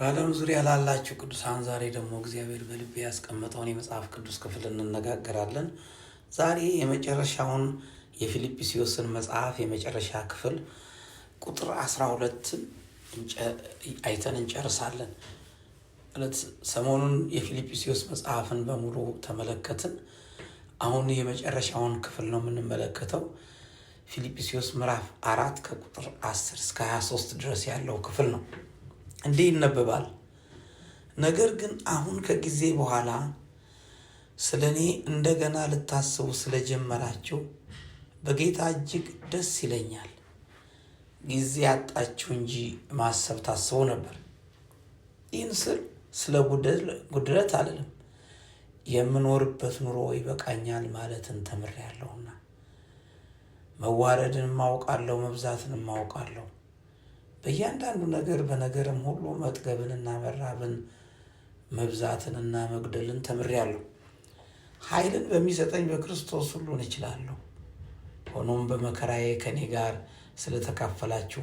በዓለም ዙሪያ ላላችሁ ቅዱሳን ዛሬ ደግሞ እግዚአብሔር በልቤ ያስቀመጠውን የመጽሐፍ ቅዱስ ክፍል እንነጋገራለን። ዛሬ የመጨረሻውን የፊልጵስዩስን መጽሐፍ የመጨረሻ ክፍል ቁጥር 12 አይተን እንጨርሳለን። ማለት ሰሞኑን የፊልጵስዩስ መጽሐፍን በሙሉ ተመለከትን። አሁን የመጨረሻውን ክፍል ነው የምንመለከተው። ፊልጵስዩስ ምዕራፍ አራት ከቁጥር 10 እስከ 23 ድረስ ያለው ክፍል ነው። እንዲህ ይነበባል። ነገር ግን አሁን ከጊዜ በኋላ ስለ እኔ እንደገና ልታስቡ ስለጀመራችሁ በጌታ እጅግ ደስ ይለኛል። ጊዜ አጣችሁ እንጂ ማሰብ ታስቦ ነበር። ይህን ስል ስለ ጉድለት አልልም፣ የምኖርበት ኑሮ ይበቃኛል ማለትን ተምሬያለሁና መዋረድን ማውቃለሁ፣ መብዛትን ማውቃለሁ። በእያንዳንዱ ነገር በነገርም ሁሉ መጥገብንና መራብን መብዛትንና መጉደልን ተምሬያለሁ። ኃይልን በሚሰጠኝ በክርስቶስ ሁሉን እችላለሁ። ሆኖም በመከራዬ ከኔ ጋር ስለተካፈላችሁ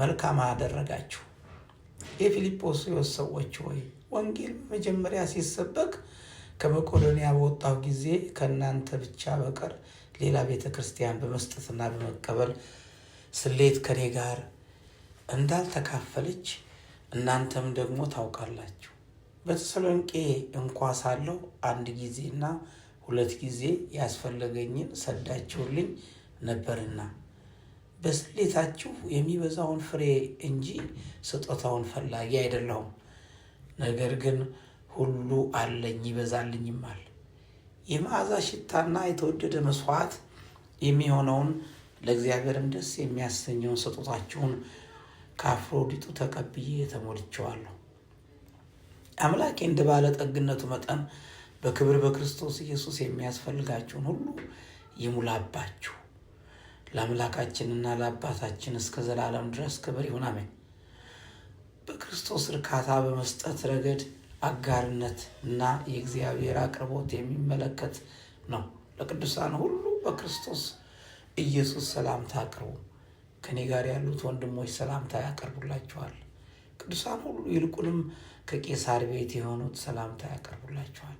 መልካም አደረጋችሁ። የፊልጶስዎስ ሰዎች ሆይ ወንጌል በመጀመሪያ ሲሰበክ ከመቄዶንያ በወጣሁ ጊዜ ከእናንተ ብቻ በቀር ሌላ ቤተ ክርስቲያን በመስጠትና በመቀበል ስሌት ከኔ ጋር እንዳልተካፈለች እናንተም ደግሞ ታውቃላችሁ። በተሰሎንቄ እንኳ ሳለሁ አንድ ጊዜና ሁለት ጊዜ ያስፈለገኝን ሰዳችሁልኝ ነበርና በስሌታችሁ የሚበዛውን ፍሬ እንጂ ስጦታውን ፈላጊ አይደለሁም። ነገር ግን ሁሉ አለኝ ይበዛልኝማል። የመዓዛ ሽታና የተወደደ መስዋዕት የሚሆነውን ለእግዚአብሔርም ደስ የሚያሰኘውን ስጦታችሁን ከአፍሮዲጡ ተቀብዬ ተሞልቸዋለሁ። አምላኬ እንደ ጠግነቱ መጠን በክብር በክርስቶስ ኢየሱስ የሚያስፈልጋችሁን ሁሉ ይሙላባችሁ። ለአምላካችንና ለአባታችን እስከ ዘላለም ድረስ ክብር ይሁን፣ አሜን። በክርስቶስ እርካታ በመስጠት ረገድ አጋርነት እና የእግዚአብሔር አቅርቦት የሚመለከት ነው። ለቅዱሳን ሁሉ በክርስቶስ ኢየሱስ ሰላምታ አቅርቡ። ከኔ ጋር ያሉት ወንድሞች ሰላምታ ያቀርቡላችኋል። ቅዱሳን ሁሉ ይልቁንም ከቄሳር ቤት የሆኑት ሰላምታ ያቀርቡላችኋል።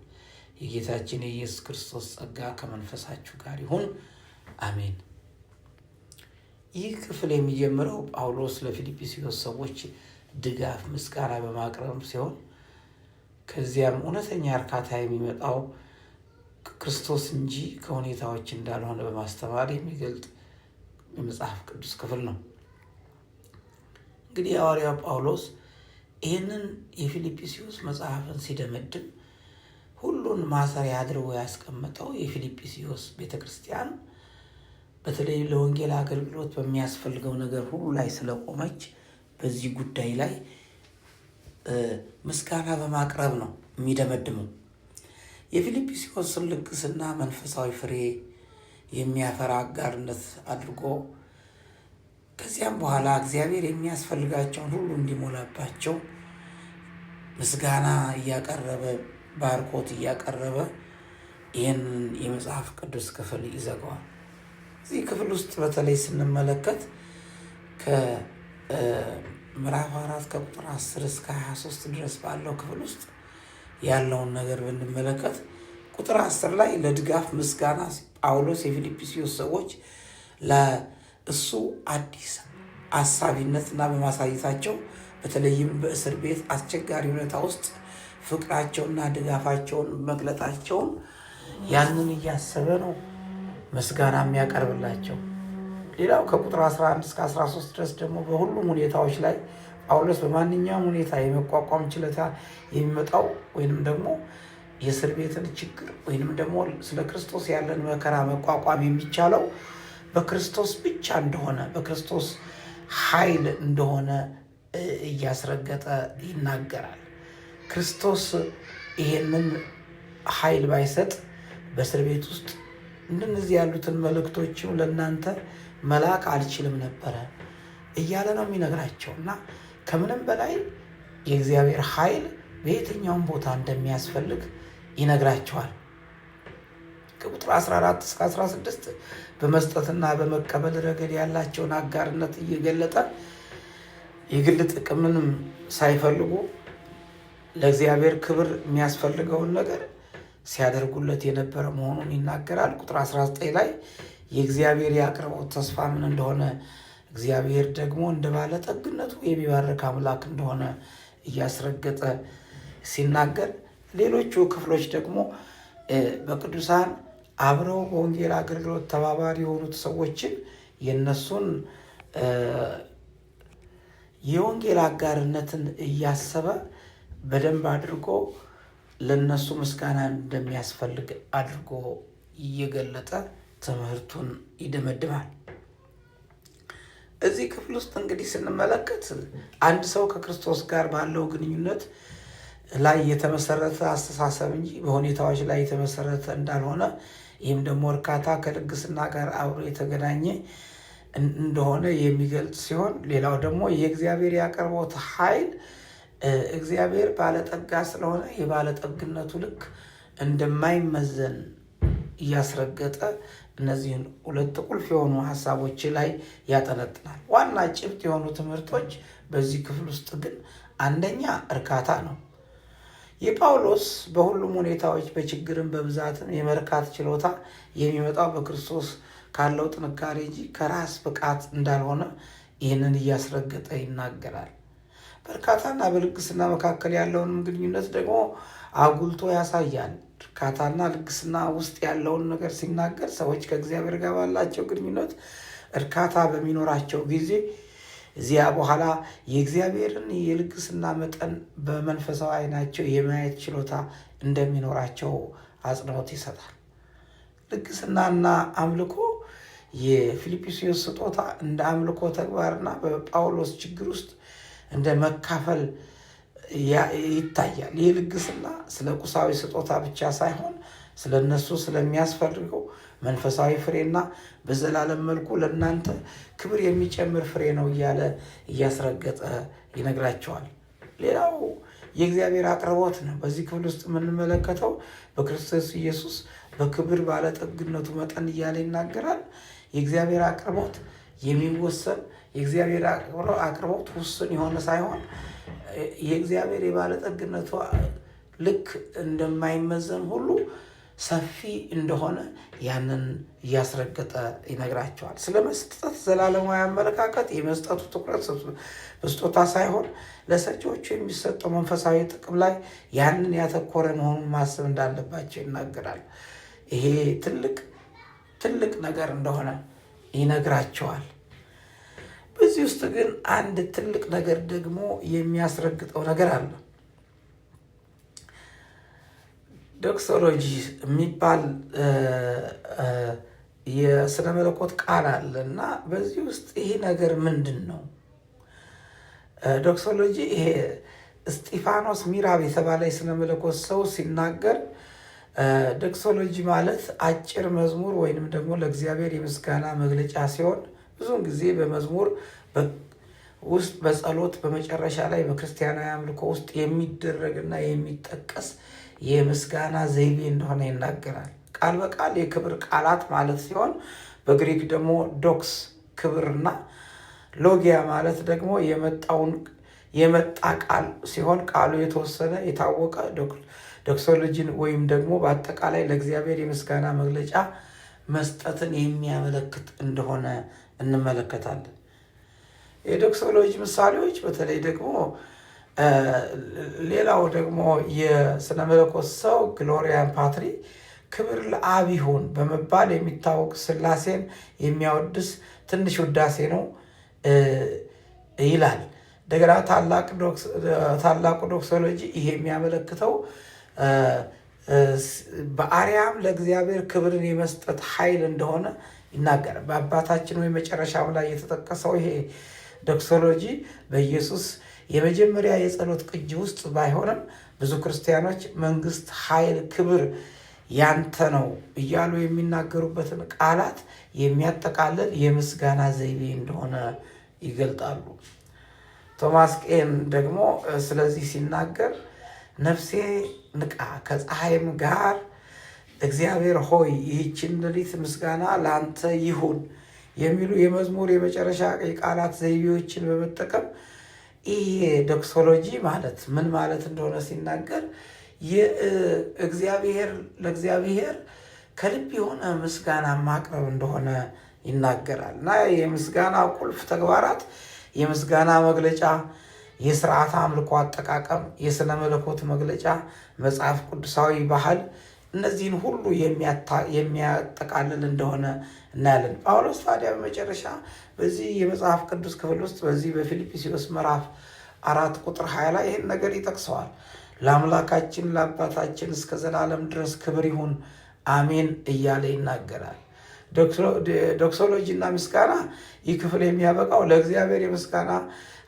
የጌታችን የኢየሱስ ክርስቶስ ጸጋ ከመንፈሳችሁ ጋር ይሁን፣ አሜን። ይህ ክፍል የሚጀምረው ጳውሎስ ለፊልጵስዩስ ሰዎች ድጋፍ፣ ምስጋና በማቅረብ ሲሆን ከዚያም እውነተኛ እርካታ የሚመጣው ክርስቶስ እንጂ ከሁኔታዎች እንዳልሆነ በማስተማር የሚገልጥ የመጽሐፍ ቅዱስ ክፍል ነው። እንግዲህ ሐዋርያው ጳውሎስ ይህንን የፊልጵስዩስ መጽሐፍን ሲደመድም ሁሉን ማሰሪያ አድርጎ ያስቀመጠው የፊልጵስዩስ ቤተ ክርስቲያን በተለይ ለወንጌል አገልግሎት በሚያስፈልገው ነገር ሁሉ ላይ ስለቆመች በዚህ ጉዳይ ላይ ምስጋና በማቅረብ ነው የሚደመድመው። የፊልጵስዩስን ልግስና መንፈሳዊ ፍሬ የሚያፈራ አጋርነት አድርጎ ከዚያም በኋላ እግዚአብሔር የሚያስፈልጋቸውን ሁሉ እንዲሞላባቸው ምስጋና እያቀረበ ባርኮት እያቀረበ ይህንን የመጽሐፍ ቅዱስ ክፍል ይዘገዋል። እዚህ ክፍል ውስጥ በተለይ ስንመለከት ከምዕራፍ አራት ከቁጥር 10 እስከ 23 ድረስ ባለው ክፍል ውስጥ ያለውን ነገር ብንመለከት ቁጥር አስር ላይ ለድጋፍ ምስጋና ጳውሎስ የፊልጵስዩስ ሰዎች ለእሱ አዲስ አሳቢነትና በማሳየታቸው በተለይም በእስር ቤት አስቸጋሪ ሁኔታ ውስጥ ፍቅራቸውና ድጋፋቸውን መግለጣቸውን ያንን እያሰበ ነው ምስጋና የሚያቀርብላቸው። ሌላው ከቁጥር 11 እስከ 13 ድረስ ደግሞ በሁሉም ሁኔታዎች ላይ ጳውሎስ በማንኛውም ሁኔታ የመቋቋም ችለታ የሚመጣው ወይንም ደግሞ የእስር ቤትን ችግር ወይንም ደግሞ ስለ ክርስቶስ ያለን መከራ መቋቋም የሚቻለው በክርስቶስ ብቻ እንደሆነ በክርስቶስ ኃይል እንደሆነ እያስረገጠ ይናገራል። ክርስቶስ ይሄንን ኃይል ባይሰጥ በእስር ቤት ውስጥ እንደነዚህ ያሉትን መልእክቶችም ለእናንተ መላክ አልችልም ነበረ እያለ ነው የሚነግራቸው እና ከምንም በላይ የእግዚአብሔር ኃይል በየትኛውም ቦታ እንደሚያስፈልግ ይነግራቸዋል። ከቁጥር 14 እስከ 16 በመስጠትና በመቀበል ረገድ ያላቸውን አጋርነት እየገለጠ የግል ጥቅምንም ሳይፈልጉ ለእግዚአብሔር ክብር የሚያስፈልገውን ነገር ሲያደርጉለት የነበረ መሆኑን ይናገራል። ቁጥር 19 ላይ የእግዚአብሔር የአቅርቦት ተስፋ ምን እንደሆነ እግዚአብሔር ደግሞ እንደ ባለጠግነቱ የሚባርክ አምላክ እንደሆነ እያስረገጠ ሲናገር፣ ሌሎቹ ክፍሎች ደግሞ በቅዱሳን አብረው በወንጌል አገልግሎት ተባባሪ የሆኑት ሰዎችን የነሱን የወንጌል አጋርነትን እያሰበ በደንብ አድርጎ ለነሱ ምስጋና እንደሚያስፈልግ አድርጎ እየገለጠ ትምህርቱን ይደመድማል። እዚህ ክፍል ውስጥ እንግዲህ ስንመለከት አንድ ሰው ከክርስቶስ ጋር ባለው ግንኙነት ላይ የተመሰረተ አስተሳሰብ እንጂ በሁኔታዎች ላይ የተመሰረተ እንዳልሆነ ይህም ደግሞ እርካታ ከልግስና ጋር አብሮ የተገናኘ እንደሆነ የሚገልጽ ሲሆን ሌላው ደግሞ የእግዚአብሔር ያቀርቦት ኃይል እግዚአብሔር ባለጠጋ ስለሆነ የባለጠግነቱ ልክ እንደማይመዘን እያስረገጠ እነዚህን ሁለት ቁልፍ የሆኑ ሀሳቦች ላይ ያጠነጥናል። ዋና ጭብጥ የሆኑ ትምህርቶች በዚህ ክፍል ውስጥ ግን አንደኛ እርካታ ነው። ይህ ጳውሎስ በሁሉም ሁኔታዎች በችግርም በብዛትም የመርካት ችሎታ የሚመጣው በክርስቶስ ካለው ጥንካሬ እንጂ ከራስ ብቃት እንዳልሆነ ይህንን እያስረገጠ ይናገራል። በእርካታና በልግስና መካከል ያለውንም ግንኙነት ደግሞ አጉልቶ ያሳያል። እርካታና ልግስና ውስጥ ያለውን ነገር ሲናገር ሰዎች ከእግዚአብሔር ጋር ባላቸው ግንኙነት እርካታ በሚኖራቸው ጊዜ እዚያ በኋላ የእግዚአብሔርን የልግስና መጠን በመንፈሳዊ አይናቸው የማየት ችሎታ እንደሚኖራቸው አጽንኦት ይሰጣል። ልግስናና አምልኮ የፊልጵስዩስ ስጦታ እንደ አምልኮ ተግባርና በጳውሎስ ችግር ውስጥ እንደ መካፈል ይታያል። ይህ ልግስና ስለ ቁሳዊ ስጦታ ብቻ ሳይሆን ስለ እነሱ ስለሚያስፈልገው መንፈሳዊ ፍሬና በዘላለም መልኩ ለእናንተ ክብር የሚጨምር ፍሬ ነው እያለ እያስረገጠ ይነግራቸዋል። ሌላው የእግዚአብሔር አቅርቦት ነው። በዚህ ክፍል ውስጥ የምንመለከተው በክርስቶስ ኢየሱስ በክብር ባለጠግነቱ መጠን እያለ ይናገራል። የእግዚአብሔር አቅርቦት የሚወሰን የእግዚአብሔር አቅርቦት ውስን የሆነ ሳይሆን የእግዚአብሔር የባለጠግነቱ ልክ እንደማይመዘን ሁሉ ሰፊ እንደሆነ ያንን እያስረገጠ ይነግራቸዋል። ስለ መስጠት ዘላለማዊ አመለካከት የመስጠቱ ትኩረት በስጦታ ሳይሆን ለሰጪዎቹ የሚሰጠው መንፈሳዊ ጥቅም ላይ ያንን ያተኮረ መሆኑን ማሰብ እንዳለባቸው ይናገራል። ይሄ ትልቅ ትልቅ ነገር እንደሆነ ይነግራቸዋል። በዚህ ውስጥ ግን አንድ ትልቅ ነገር ደግሞ የሚያስረግጠው ነገር አለ። ዶክሶሎጂ የሚባል የስነ መለኮት ቃል አለ እና በዚህ ውስጥ ይሄ ነገር ምንድን ነው? ዶክሶሎጂ ይሄ እስጢፋኖስ ሚራብ የተባለ የስነ መለኮት ሰው ሲናገር ዶክሶሎጂ ማለት አጭር መዝሙር ወይንም ደግሞ ለእግዚአብሔር የምስጋና መግለጫ ሲሆን ብዙውን ጊዜ በመዝሙር ውስጥ በጸሎት በመጨረሻ ላይ በክርስቲያናዊ አምልኮ ውስጥ የሚደረግና የሚጠቀስ የምስጋና ዘይቤ እንደሆነ ይናገራል። ቃል በቃል የክብር ቃላት ማለት ሲሆን በግሪክ ደግሞ ዶክስ ክብርና ሎጊያ ማለት ደግሞ የመጣውን የመጣ ቃል ሲሆን ቃሉ የተወሰነ የታወቀ ዶክሶሎጂን ወይም ደግሞ በአጠቃላይ ለእግዚአብሔር የምስጋና መግለጫ መስጠትን የሚያመለክት እንደሆነ እንመለከታለን። የዶክሶሎጂ ምሳሌዎች በተለይ ደግሞ ሌላው ደግሞ የስነ መለኮት ሰው ግሎሪያን ፓትሪ ክብር ለአብ ይሁን በመባል የሚታወቅ ስላሴን የሚያወድስ ትንሽ ውዳሴ ነው ይላል። እንደገና ታላቁ ዶክሶሎጂ ይሄ የሚያመለክተው በአርያም ለእግዚአብሔር ክብርን የመስጠት ኃይል እንደሆነ ይናገራል። በአባታችን ወይ መጨረሻም ላይ የተጠቀሰው ይሄ ዶክሶሎጂ በኢየሱስ የመጀመሪያ የጸሎት ቅጅ ውስጥ ባይሆንም ብዙ ክርስቲያኖች መንግስት፣ ኃይል፣ ክብር ያንተ ነው እያሉ የሚናገሩበትን ቃላት የሚያጠቃልል የምስጋና ዘይቤ እንደሆነ ይገልጣሉ። ቶማስ ቄን ደግሞ ስለዚህ ሲናገር ነፍሴ ንቃ፣ ከፀሐይም ጋር እግዚአብሔር ሆይ ይህችን ሌሊት ምስጋና ለአንተ ይሁን የሚሉ የመዝሙር የመጨረሻ የቃላት ዘይቤዎችን በመጠቀም ይሄ ዶክሶሎጂ ማለት ምን ማለት እንደሆነ ሲናገር እግዚአብሔር ለእግዚአብሔር ከልብ የሆነ ምስጋና ማቅረብ እንደሆነ ይናገራል እና የምስጋና ቁልፍ ተግባራት የምስጋና መግለጫ፣ የስርዓት አምልኮ አጠቃቀም፣ የስነ መለኮት መግለጫ፣ መጽሐፍ ቅዱሳዊ ባህል እነዚህን ሁሉ የሚያጠቃልል እንደሆነ እናያለን። ጳውሎስ ታዲያ በመጨረሻ በዚህ የመጽሐፍ ቅዱስ ክፍል ውስጥ በዚህ በፊልጵስዩስ ምዕራፍ አራት ቁጥር ሀያ ላይ ይህን ነገር ይጠቅሰዋል። ለአምላካችን ለአባታችን እስከ ዘላለም ድረስ ክብር ይሁን አሜን እያለ ይናገራል። ዶክሶሎጂ እና ምስጋና ይህ ክፍል የሚያበቃው ለእግዚአብሔር የምስጋና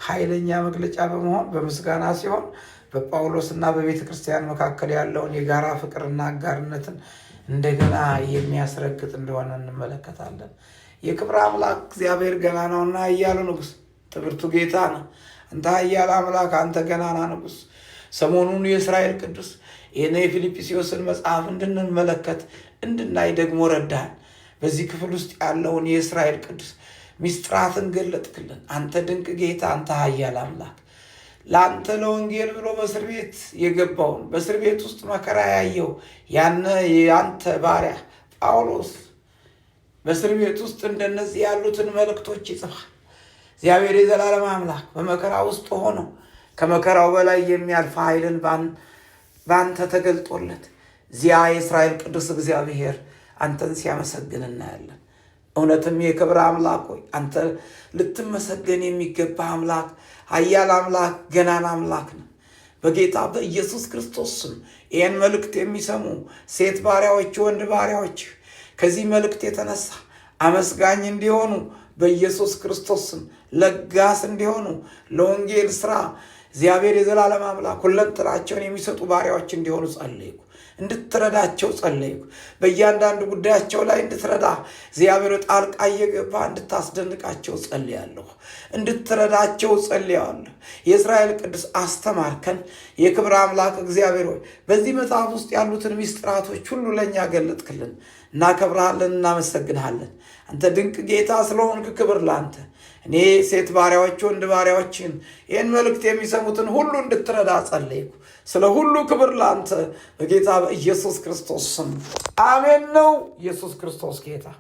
ኃይለኛ መግለጫ በመሆን በምስጋና ሲሆን በጳውሎስና በቤተ ክርስቲያን መካከል ያለውን የጋራ ፍቅርና አጋርነትን እንደገና የሚያስረግጥ እንደሆነ እንመለከታለን። የክብር አምላክ እግዚአብሔር ገና ነውና እያሉ ንጉስ ትምህርቱ ጌታ ነው። እንተ ኃያል አምላክ አንተ ገናና ንጉስ፣ ሰሞኑን የእስራኤል ቅዱስ ይህን የፊልጵስዩስን መጽሐፍ እንድንመለከት እንድናይ ደግሞ ረዳን። በዚህ ክፍል ውስጥ ያለውን የእስራኤል ቅዱስ ሚስጥራትን ገለጥክልን። አንተ ድንቅ ጌታ፣ አንተ ኃያል አምላክ ለአንተ ለወንጌል ብሎ በእስር ቤት የገባውን በእስር ቤት ውስጥ መከራ ያየው ያነ የአንተ ባሪያ ጳውሎስ በእስር ቤት ውስጥ እንደነዚህ ያሉትን መልእክቶች ይጽፋል። እግዚአብሔር የዘላለም አምላክ በመከራ ውስጥ ሆኖ ከመከራው በላይ የሚያልፍ ኃይልን በአንተ ተገልጦለት እዚያ የእስራኤል ቅዱስ እግዚአብሔር አንተን ሲያመሰግን እናያለን። እውነትም የክብር አምላክ ሆይ አንተ ልትመሰገን የሚገባ አምላክ፣ ኃያል አምላክ፣ ገናን አምላክ ነው። በጌታ በኢየሱስ ክርስቶስ ስም ይህን መልእክት የሚሰሙ ሴት ባሪያዎች፣ ወንድ ባሪያዎች ከዚህ መልእክት የተነሳ አመስጋኝ እንዲሆኑ በኢየሱስ ክርስቶስ ስም ለጋስ እንዲሆኑ ለወንጌል ስራ እግዚአብሔር የዘላለም አምላክ ሁለንተናቸውን የሚሰጡ ባሪያዎች እንዲሆኑ ጸልይኩ። እንድትረዳቸው ጸለይኩ። በእያንዳንዱ ጉዳያቸው ላይ እንድትረዳ እግዚአብሔር ጣልቃ እየገባ እንድታስደንቃቸው ጸልያለሁ። እንድትረዳቸው ጸልያለሁ። የእስራኤል ቅዱስ አስተማርከን። የክብር አምላክ እግዚአብሔር ሆይ በዚህ መጽሐፍ ውስጥ ያሉትን ሚስጥራቶች ሁሉ ለእኛ ገለጥክልን። እናከብረሃለን፣ እናመሰግንሃለን። አንተ ድንቅ ጌታ ስለሆንክ ክብር ለአንተ። እኔ ሴት ባሪያዎች፣ ወንድ ባሪያዎችን ይህን መልእክት የሚሰሙትን ሁሉ እንድትረዳ ጸለይኩ። ስለ ሁሉ ክብር ላንተ በጌታ በኢየሱስ ክርስቶስ ስም አሜን። ነው ኢየሱስ ክርስቶስ ጌታ